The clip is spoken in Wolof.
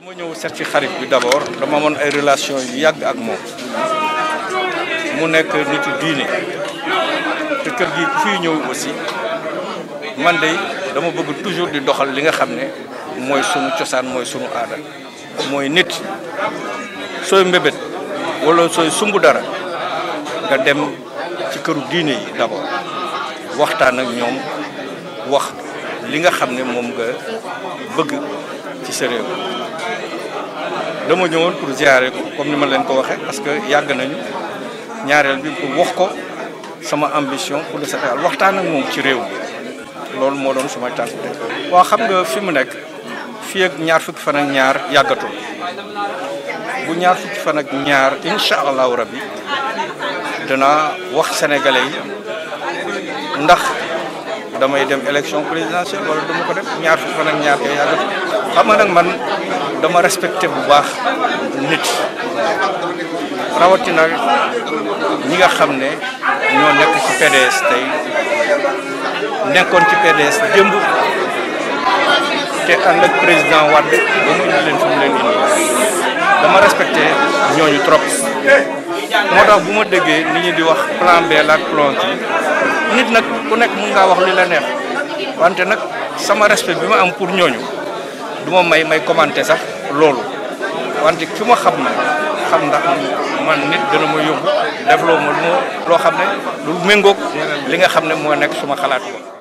dama ñëw seet ci xarit bi d'abord dama amoon ay relation yu yàgg ak moom mu nekk nitu diine te kër gi ku fiy ñëw aussi man de dama bëgg toujours di doxal li nga xam ne mooy sunu cosaan mooy sunu aada mooy nit sooy mbébét wala sooy sumb dara nga dem ci këru diine yi d'abord waxtaan ak ñoom wax li nga xam ne moom nga bëgg ci sa réew dama ñëwoon pour ziare ko comme ni ma leen ko waxee parce que yàgg nañu ñaareel bi pour wax ko sama ambition pour le Sénégal waxtaan ak moom ci réew mi loolu moo doon sumay tànk tey. waaw xam nga fi mu nekk fii ñaar fukki fan ak ñaar yàggatul bu ñaar fukki fan ak ñaar incha allahu rabi danaa wax sénégalais yi ndax damay dem élection présidentielle wala dama ko def ñaar fukki fan ñaar kay yàggatul. xam nga man dama respecté bu baax nit rawatina ñi nga xam ne ñoo nekk ci PDS tey nekkoon ci PDS jëmb te ànd ak président Wade ba mu leen fu mu leen indi dama respecté ñooñu trop moo tax bu ma déggee nit ñi di wax plan B la plan C nit nag ku nekk mun ngaa wax li la neex wante nag sama respect bi ma am pour ñooñu du ma may may commenter sax loolu wante suma xam na xam ndax man nit dana ma yóbbu defloo ma lu ma loo xam ne lu méngoog li nga xam ne moo nekk suma xalaat ko